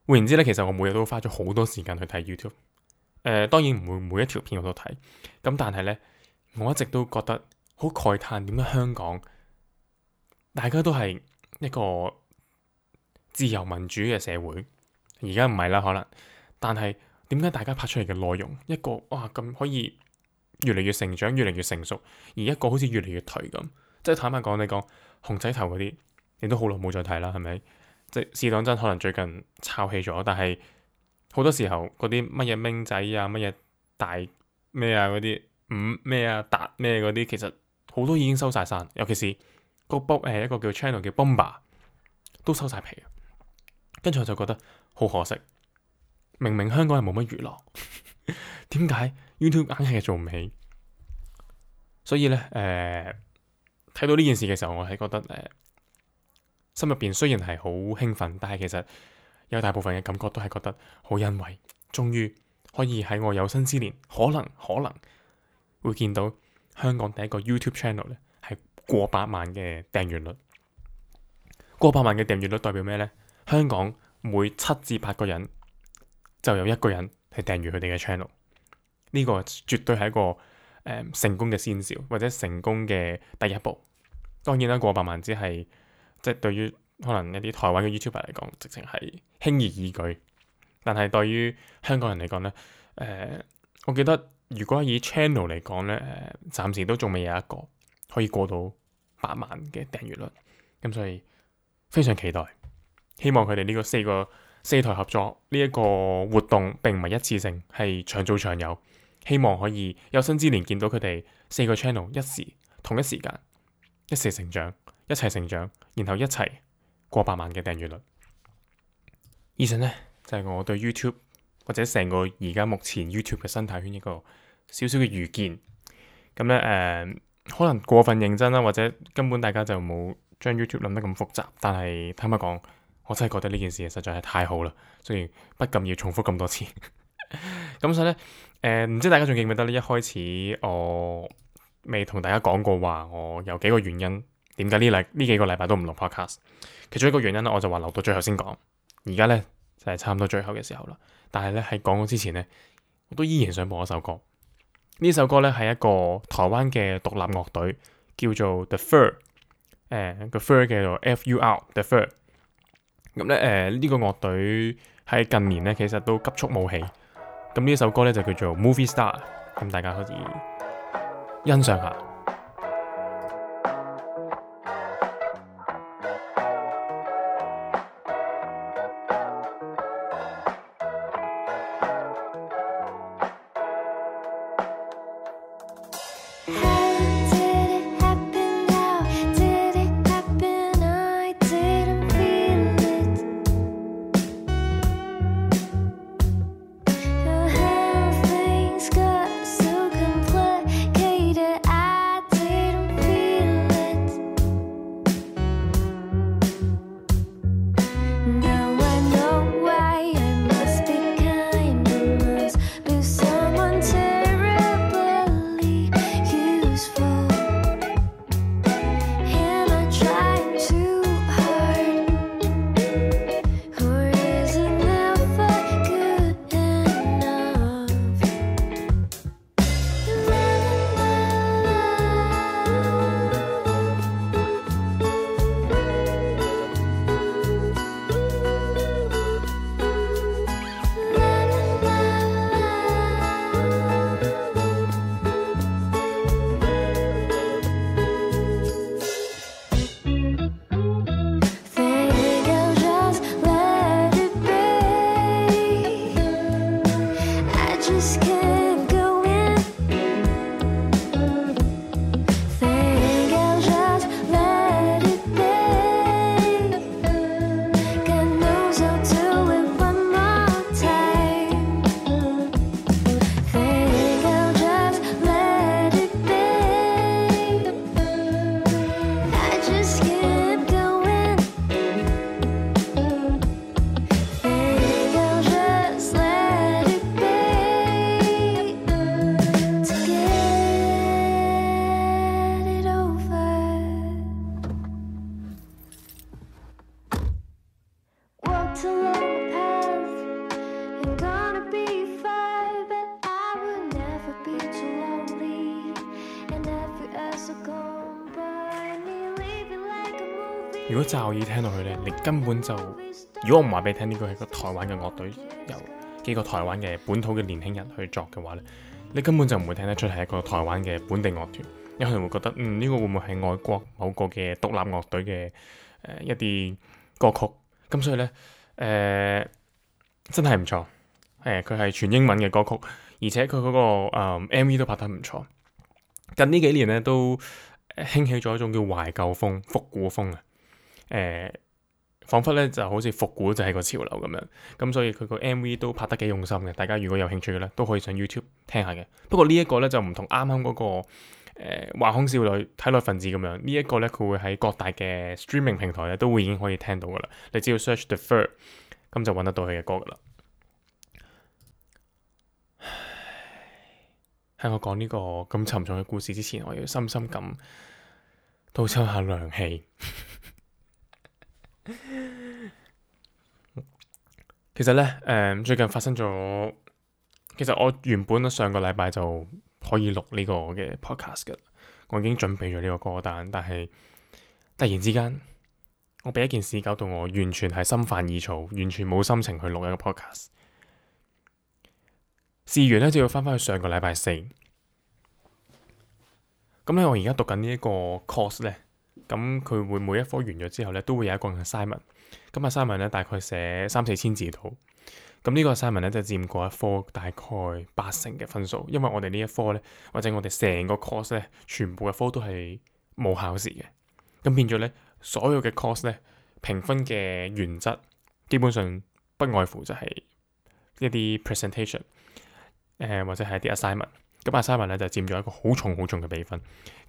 換言之呢，其實我每日都花咗好多時間去睇 YouTube。誒、呃，當然唔會每一條片我都睇。咁但係呢，我一直都覺得好慨嘆，點解香港大家都係一個自由民主嘅社會，而家唔係啦，可能，但係。點解大家拍出嚟嘅內容，一個哇咁可以越嚟越成長、越嚟越成熟，而一個好似越嚟越頹咁？即係坦白講，你講熊仔頭嗰啲，你都好耐冇再睇啦，係咪？即係試當真，可能最近炒起咗，但係好多時候嗰啲乜嘢鳴仔啊、乜嘢大咩啊嗰啲五咩啊、達咩嗰啲，其實好多已經收晒散，尤其是個 b o o k 係一個叫 channel 叫 b u m b a 都收晒皮，跟住我就覺得好可惜。明明香港係冇乜娛樂，點 解 YouTube 硬係做唔起？所以呢，誒、呃、睇到呢件事嘅時候，我係覺得、呃、心入邊雖然係好興奮，但係其實有大部分嘅感覺都係覺得好欣慰。終於可以喺我有生之年，可能可能會見到香港第一個 YouTube channel 咧，係過百萬嘅訂閱率。過百萬嘅訂閱率代表咩呢？香港每七至八個人。就有一個人係訂閱佢哋嘅 channel，呢個絕對係一個誒、呃、成功嘅先兆或者成功嘅第一步。當然啦，過百萬只係即係對於可能一啲台灣嘅 YouTuber 嚟講，直情係輕而易舉。但係對於香港人嚟講呢誒、呃，我記得如果以 channel 嚟講呢誒，暫、呃、時都仲未有一個可以過到百萬嘅訂閱率。咁所以非常期待，希望佢哋呢個四個。四台合作呢一個活動並唔係一次性，係長做長有，希望可以有生之年見到佢哋四個 channel 一時同一時間一時成長，一齊成長，然後一齊過百萬嘅訂閱率。以上呢，就係我對 YouTube 或者成個而家目前 YouTube 嘅生態圈一個少少嘅預見。咁呢，誒，可能過分認真啦，或者根本大家就冇將 YouTube 諗得咁複雜，但係坦白講。我真係覺得呢件事實在係太好啦，雖然不禁要重複咁多次咁。 所以咧，誒、呃、唔知大家仲記唔記得呢？一開始我未同大家講過話，我有幾個原因點解呢禮呢幾個禮拜都唔錄 Podcast。其中一個原因咧，我就話留到最後先講。而家呢，就係、是、差唔多最後嘅時候啦。但係呢，喺講之前呢，我都依然想播一首歌。呢首歌呢，係一個台灣嘅獨立樂隊叫做 The Fur，誒、呃、The Fur 叫做 F U R The Fur。咁咧，誒呢、呃這個樂隊近年咧，其實都急速冒起。咁呢首歌咧就叫做《Movie Star》，咁大家可以欣賞下。驟耳聽落去咧，你根本就如果我唔話俾你聽，呢個係一個台灣嘅樂隊，由幾個台灣嘅本土嘅年輕人去作嘅話咧，你根本就唔會聽得出係一個台灣嘅本地樂團。你可能會覺得嗯呢、呢個會唔會係外國某個嘅獨立樂隊嘅、呃、一啲歌曲？咁所以咧誒、呃、真係唔錯誒，佢、呃、係全英文嘅歌曲，而且佢嗰、嗰個、呃、MV 都拍得唔錯。近呢幾年咧都興起咗一種叫懷舊風、復古風啊。誒，仿佛咧就好似復古就係個潮流咁樣，咁所以佢個 MV 都拍得幾用心嘅。大家如果有興趣嘅咧，都可以上 YouTube 聽下嘅。不過呢一、呢個咧就唔同啱啱嗰個誒《華、呃、康少女》《體內分子》咁樣，這個、呢一個咧佢會喺各大嘅 streaming 平台咧都會已經可以聽到噶啦。你只要 search the fur 咁就揾得到佢嘅歌噶啦。唉，喺我講呢個咁沉重嘅故事之前，我要深深咁倒抽下涼氣。 其實呢，誒、嗯，最近發生咗，其實我原本上個禮拜就可以錄呢個嘅 podcast 嘅，我已經準備咗呢個歌單，但係突然之間，我俾一件事搞到我完全係心煩意躁，完全冇心情去錄一個 podcast。試完呢，就要翻返去上個禮拜四。咁咧，我而家讀緊呢一個 course 呢。咁佢會每一科完咗之後咧，都會有一個 assignment。咁 assignment 咧大概寫三四千字度。咁呢個 assignment 咧就佔過一科大概八成嘅分數，因為我哋呢一科咧，或者我哋成個 course 咧，全部嘅科都係冇考試嘅。咁變咗咧，所有嘅 course 咧，評分嘅原則基本上不外乎就係一啲 presentation，誒、呃、或者係啲 assignment。咁 assignment 咧就是，佔咗一個好重好重嘅比分，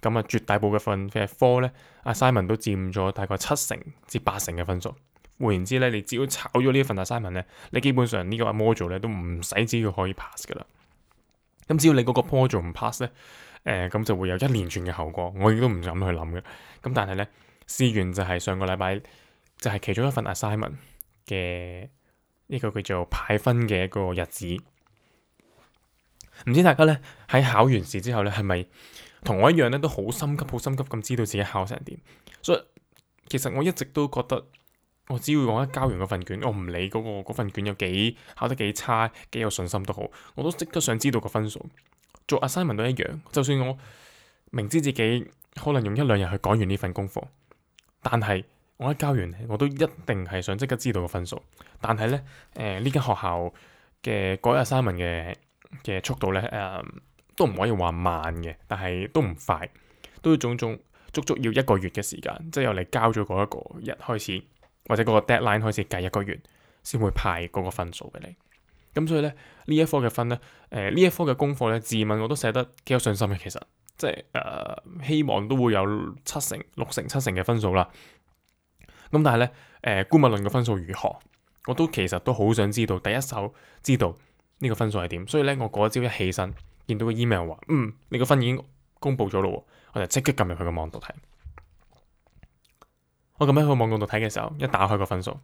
咁，嗯、啊，絕大部分嘅科咧，assignment 都佔咗大概七成至八成嘅分數。換言之咧，你只要炒咗呢一份 assignment 咧，你基本上呢個 module 咧都唔使只要可以 pass 噶啦。咁只要你嗰 project 唔 pass 咧，誒、呃、咁就會有一連串嘅後果。我亦都唔敢去諗嘅。咁但係咧，試完就係上個禮拜就係、是，其中一份 assignment 嘅呢個叫做派分嘅一個日子。唔知大家咧喺考完試之後咧，係咪同我一樣咧，都好心急，好心急咁知道自己考成點？所、so, 以其實我一直都覺得，我只要我一交完嗰份卷，我唔理嗰、那個嗰份卷有幾考得幾差，幾有信心都好，我都即刻想知道個分數。做 assignment、um、都一樣，就算我明知自己可能用一兩日去改完呢份功課，但係我一交完，我都一定係想即刻知道個分數。但係咧，誒呢間學校嘅改 assignment 嘅。嘅速度咧，誒、嗯、都唔可以話慢嘅，但係都唔快，都要種種足足要一個月嘅時間，即係由你交咗嗰一個日開始，或者嗰個 deadline 開始計一個月，先會派嗰個分數俾你。咁所以咧，呢一科嘅分咧、呃，誒呢一科嘅功課咧，自問我都寫得幾有信心嘅，其實即係誒、呃、希望都會有七成、六成、七成嘅分數啦。咁但係咧，誒、呃《顧問論》嘅分數如何，我都其實都好想知道，第一手知道。呢個分數係點？所以咧，我嗰一朝一起身，見到個 email 話：嗯，你個分已經公佈咗咯，我就即刻撳入去個網度睇。我咁樣去網度睇嘅時候，一打開個分數，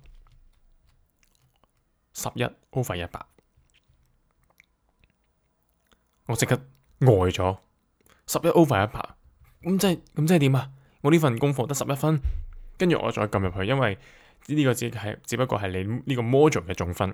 十一 over 一百，我即刻呆咗。十一 over 一百，咁即係咁即係點啊？我呢份功課得十一分，跟住我再撳入去，因為呢個只係只不過係你呢個 module 嘅總分。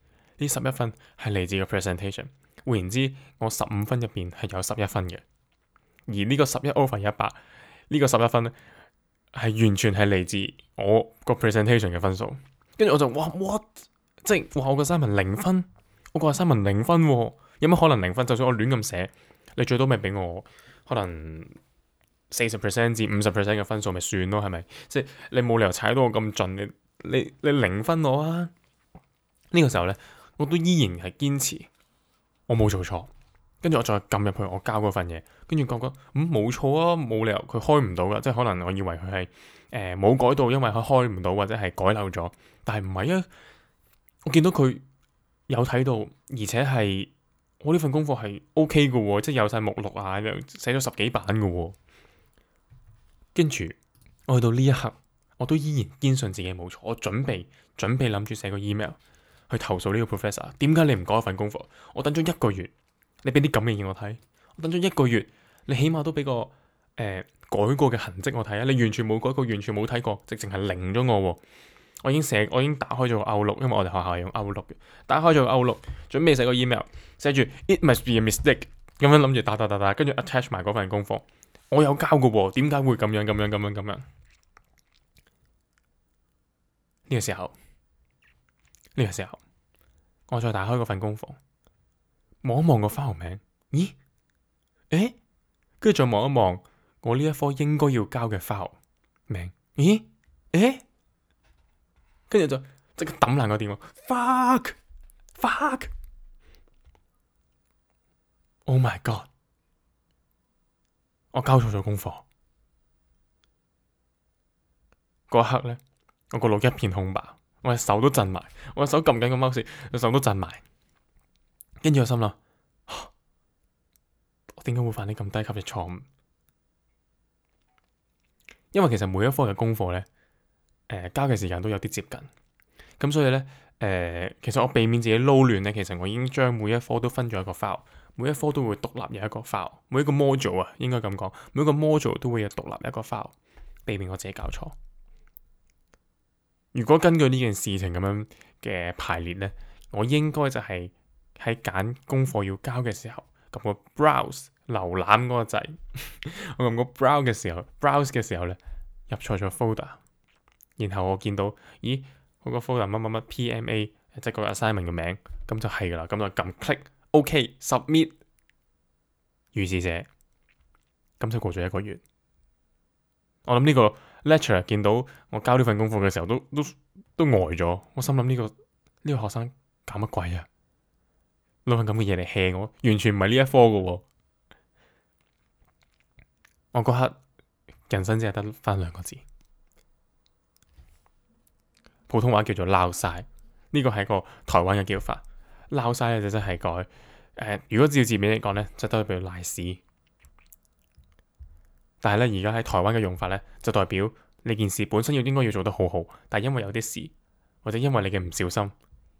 呢十一分係嚟自個 presentation，換言之，我十五分入邊係有十一分嘅，而呢個十一 over 一百，呢個十一分咧係完全係嚟自我個 presentation 嘅分數。跟住我就哇 what，即係哇我個三文零分，我個三文零分、哦，有乜可能零分？就算我亂咁寫，你最多咪俾我可能四十 percent 至五十 percent 嘅分數咪算咯，係咪？即係你冇理由踩到我咁盡，你你你零分我啊？呢、呢個時候咧，我都依然係堅持，我冇做錯，跟住我再撳入去，我交嗰份嘢，跟住覺覺，嗯冇錯啊，冇理由佢開唔到噶，即係可能我以為佢係誒冇改到，因為佢開唔到或者係改漏咗，但係唔係啊，我見到佢有睇到，而且係我呢份功課係 OK 噶，即係有晒目錄啊，又寫咗十幾版噶、哦，跟住我去到呢一刻，我都依然堅信自己冇錯，我準備準備諗住寫個 email。去投訴呢個 professor，點解你唔改一份功課？我等咗一個月，你俾啲咁嘅嘢我睇，我等咗一個月，你起碼都俾個誒、呃、改過嘅痕跡我睇啊！你完全冇改過，完全冇睇過，直情係零咗我喎、啊！我已經寫，我已經打開咗個 Outlook 因為我哋學校係用 Outlook 嘅，打開咗個 Outlook 準備寫個 email，寫住 It must be a mistake，咁樣諗住打打打打，跟住 attach 埋嗰份功課，我有交噶喎、啊，點解會咁樣咁樣咁樣咁樣？呢、這個時候。呢個時候，我再打開嗰份功課，望一望個花學名，咦？誒，跟住再望一望我呢一科應該要交嘅花學名，咦？誒，跟住就即刻抌爛個電話，fuck，fuck，oh my god，我交錯咗功課。嗰一刻咧，我個腦一片空白。我隻手都震埋，我隻手撳緊個 mouse，我,手,我手都震埋。跟住我心諗，我點解會犯啲咁低級嘅錯誤？因為其實每一科嘅功課呢，誒、呃、交嘅時間都有啲接近，咁所以呢，誒、呃、其實我避免自己撈亂呢，其實我已經將每一科都分咗一個 file，每一科都會獨立有一個 file，每一個 module 啊，應該咁講，每一個 module 都會有獨立一個 file，避免我自己搞錯。如果根據呢件事情咁樣嘅排列咧，我應該就係喺揀功課要交嘅時候，撳個 browse 瀏覽嗰個掣， 我撳個 browse 嘅時候，browse 嘅時候咧入錯咗 folder，然後我見到，咦，嗰、嗰個 folder 乜乜乜 PMA，即係個 assignment 嘅名，咁就係噶啦，咁就撳 click OK submit，如是者，咁就過咗一個月，我諗呢、呢個。lecture 見到我交呢份功課嘅時候，都都都呆咗。我心諗呢個呢個學生搞乜鬼啊？攞份咁嘅嘢嚟 hea 我，完全唔係呢一科嘅喎。我嗰刻人生只係得翻兩個字，普通話叫做鬧晒。呢個係一個台灣嘅叫法，鬧晒咧就真係改。誒，如果照字面嚟講咧，就係都係俾佢瀨屎。但係咧，而家喺台灣嘅用法咧，就代表你件事本身要應該要做得好好，但係因為有啲事或者因為你嘅唔小心，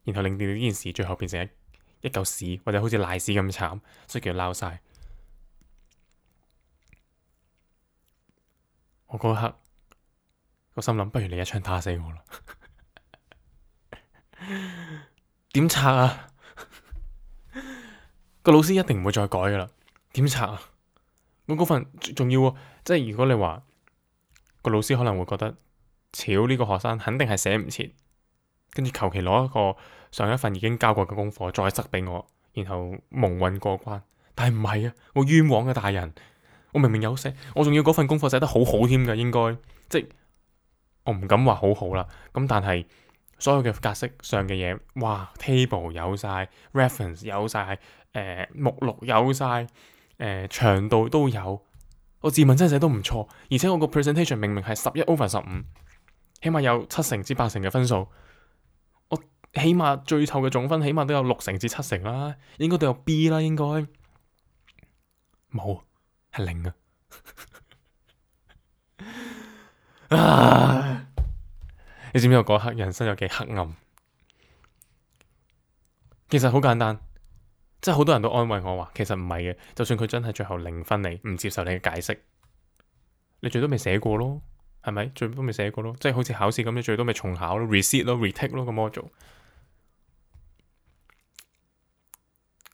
然後令到呢件事最後變成一一嚿屎或者好似瀨屎咁慘，所以叫撈晒。我嗰刻，我心諗不如你一槍打死我啦！點 拆啊？個 老師一定唔會再改噶啦，點拆啊？我嗰份仲要喎、啊，即係如果你話個老師可能會覺得，抄呢個學生肯定係寫唔切，跟住求其攞一個上一份已經交過嘅功課再塞俾我，然後蒙混過關。但係唔係啊，我冤枉嘅大人，我明明有寫，我仲要嗰份功課寫得好好添㗎，應該即係我唔敢話好好啦。咁但係所有嘅格式上嘅嘢，哇，table 有晒，reference 有晒，誒、呃，目錄有晒。誒長度都有，我自問真係寫得唔錯，而且我個 presentation 明明係十一 over 十五，起碼有七成至八成嘅分數，我起碼最臭嘅總分起碼都有六成至七成啦，應該都有 B 啦，應該冇係零啊， 啊！你知唔知我嗰刻人生有幾黑暗？其實好簡單。真係好多人都安慰我話，其實唔係嘅，就算佢真係最後零分你，唔接受你嘅解釋，你最多咪寫過咯，係咪？最多咪寫過咯，即係好似考試咁你最多咪重考咯，recite 咯，retake 咯，個 module。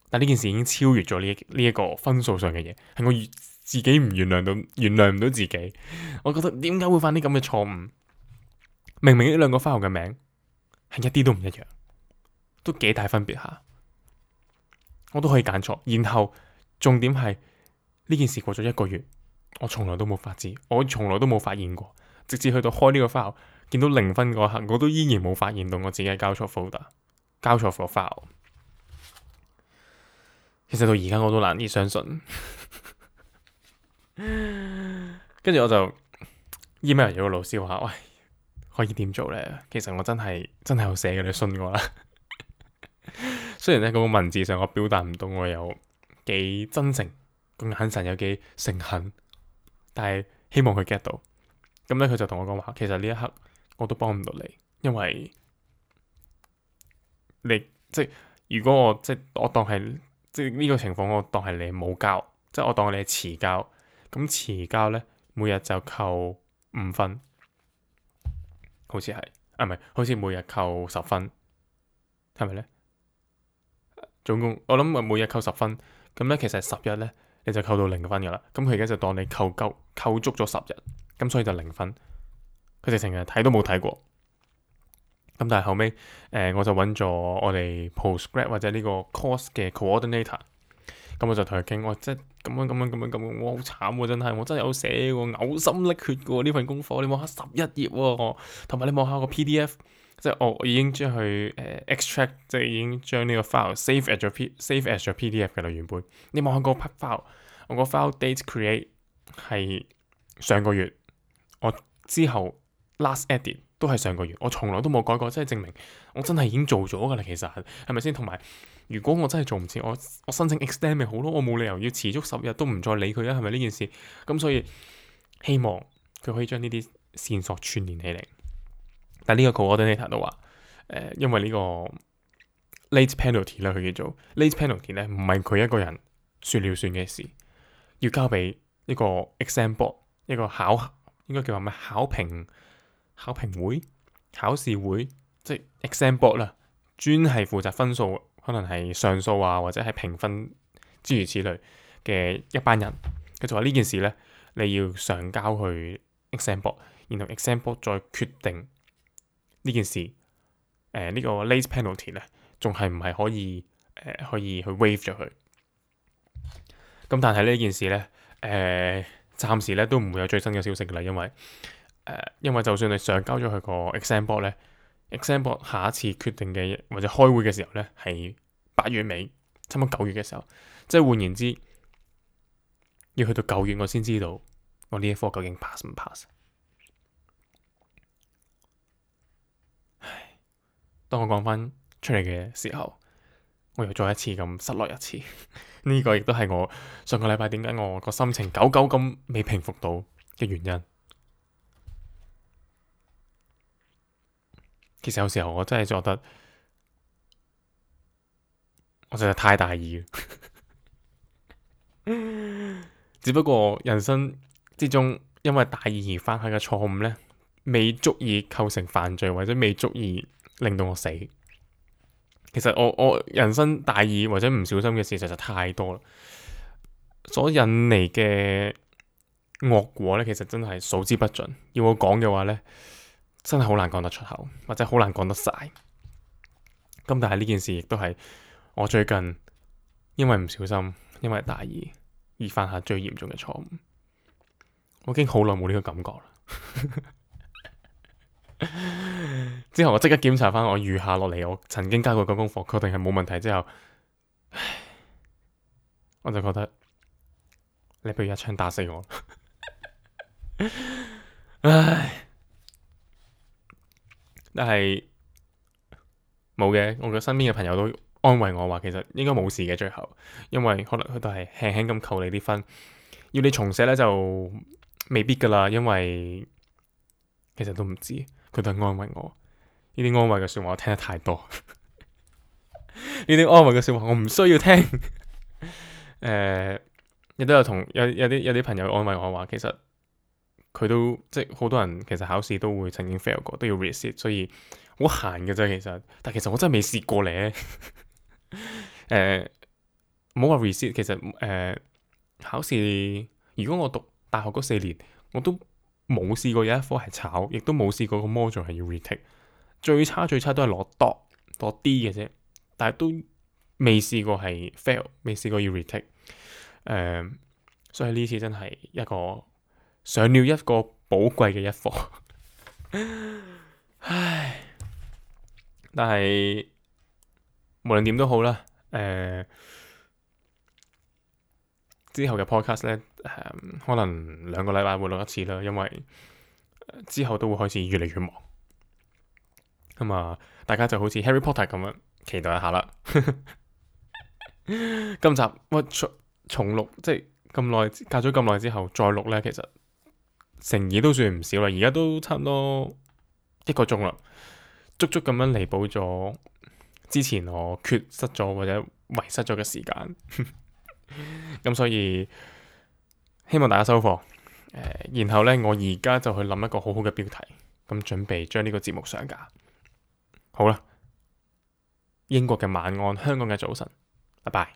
但呢件事已經超越咗呢呢一個分數上嘅嘢，係我自己唔原諒到，原諒唔到自己。我覺得點解會犯啲咁嘅錯誤？明明呢兩個花號嘅名係一啲都唔一樣，都幾大分別下。我都可以揀錯，然後重點係呢件事過咗一個月，我從來都冇發現，我從來都冇發現過，直至去到開呢個 file，見到零分嗰刻，我都依然冇發現到我自己交錯 folder，交錯 file。其實到而家我都難以相信，跟 住我就 email 咗個老師話：，喂，可以點做呢？其實我真係真係有寫嘅，你信我啦。 雖然喺嗰個文字上，我表達唔到我有幾真誠，個眼神有幾誠懇，但係希望佢 get 到。咁咧，佢就同我講話：，其實呢一刻我都幫唔到你，因為你即如果我即係我當係即呢個情況，我當係你冇交，即我當你係遲交。咁遲交咧，每日就扣五分，好似係啊，唔係好似每日扣十分，係咪咧？總共我諗每日扣十分，咁咧，其實係十日咧，你就扣到零分噶啦。咁佢而家就當你扣夠扣足咗十日，咁所以就零分。佢哋成日睇都冇睇過。咁但係後尾，誒、呃，我就揾咗我哋 postgrad 或者呢個 course 嘅 Coordinator。咁我就同佢傾，我即係咁樣咁樣咁樣咁，我好慘喎！真係我真係有寫喎，嘔心瀝血嘅喎，呢份功課你望下十一頁喎，啊，同埋你望下個 PDF。即係我已經將佢誒 extract，呃，即係已經將呢個 file save as 咗 p，save as 咗 PDF 嘅啦原本。你望下個 file，我個 file date create 係上個月，我之後 last edit 都係上個月，我從來都冇改過，即係證明我真係已經做咗㗎啦其實，係咪先？同埋如果我真係做唔切，我我申請 extend 咪好咯，我冇理由要持續十日都唔再理佢啊，係咪呢件事？咁所以希望佢可以將呢啲線索串連起嚟。但呢個 coordinator 都話，呃，因為呢個 late penalty 咧，佢叫做 late penalty 咧，唔係佢一個人說了算嘅事，要交俾一個 exam board，一個考應該叫話咩考評、考評會、考試會，即係 exam board 啦，專係負責分數，可能係上訴啊，或者係評分之如此類嘅一班人。佢就話呢件事咧，你要上交去 exam board，然後 exam board 再決定。呢件事，誒、呃這個、呢個 late penalty 咧，仲係唔係可以誒、呃、可以去 waive 咗佢？咁但係呢件事咧，誒、呃、暫時咧都唔會有最新嘅消息㗎啦，因為誒、呃、因為就算你上交咗佢個 exam board 咧，exam board 下一次決定嘅或者開會嘅時候咧，係八月尾差唔多九月嘅時候，即係換言之，要去到九月我先知道我呢一科究竟 pass 唔 pass。當我講翻出嚟嘅時候，我又再一次咁失落一次。呢 個亦都係我上個禮拜點解我個心情久久咁未平復到嘅原因。其實有時候我真係覺得我實在太大意。 只不過人生之中因為大意而犯下嘅錯誤呢，未足以構成犯罪，或者未足以。令到我死，其實我我人生大意或者唔小心嘅事實在太多啦，所引嚟嘅惡果咧，其實真係數之不盡。要我講嘅話咧，真係好難講得出口，或者好難講得晒。咁但係呢件事亦都係我最近因為唔小心，因為大意而犯下最嚴重嘅錯誤。我已經好耐冇呢個感覺啦。 之後我即刻檢查翻我餘下落嚟我曾經交過嘅功課，確定係冇問題之後唉，我就覺得你不如一槍打死我。 唉，但係冇嘅，我嘅身邊嘅朋友都安慰我話，其實應該冇事嘅。最後，因為可能佢都係輕輕咁扣你啲分，要你重寫咧就未必噶啦，因為其實都唔知，佢都係安慰我。呢啲安慰嘅說話我聽得太多，呢啲安慰嘅說話我唔需要聽、 呃。誒，亦都有同有有啲有啲朋友安慰我話，我其實佢都即係好多人其實考試都會曾經 fail 過，都要 reset，所以好閒嘅啫。其實，但其實我真係未試過咧、 呃。誒，唔好話 reset，其實誒、呃、考試如果我讀大學嗰四年，我都冇試過有一科係炒，亦都冇試過個 module 係要 retake。Take，最差最差都係攞 dot，攞 D 嘅啫，但係都未試過係 fail，未試過要 retake，誒，uh, 所以呢次真係一個上了一個寶貴嘅一課， 唉，但係無論點都好啦，誒、uh,，之後嘅 podcast 咧，誒、uh,，可能兩個禮拜會錄一次啦，因為之後都會開始越嚟越忙。咁啊、嗯！大家就好似 Harry Potter 咁樣期待一下啦。 今集我重錄，即係咁耐隔咗咁耐之後再錄呢，其實誠意都算唔少啦。而家都差唔多一個鐘啦，足足咁樣彌補咗之前我缺失咗或者遺失咗嘅時間。咁、 嗯、所以希望大家收貨、呃、然後呢，我而家就去諗一個好好嘅標題，咁、嗯、準備將呢個節目上架。好啦，英國嘅晚安，香港嘅早晨，拜拜。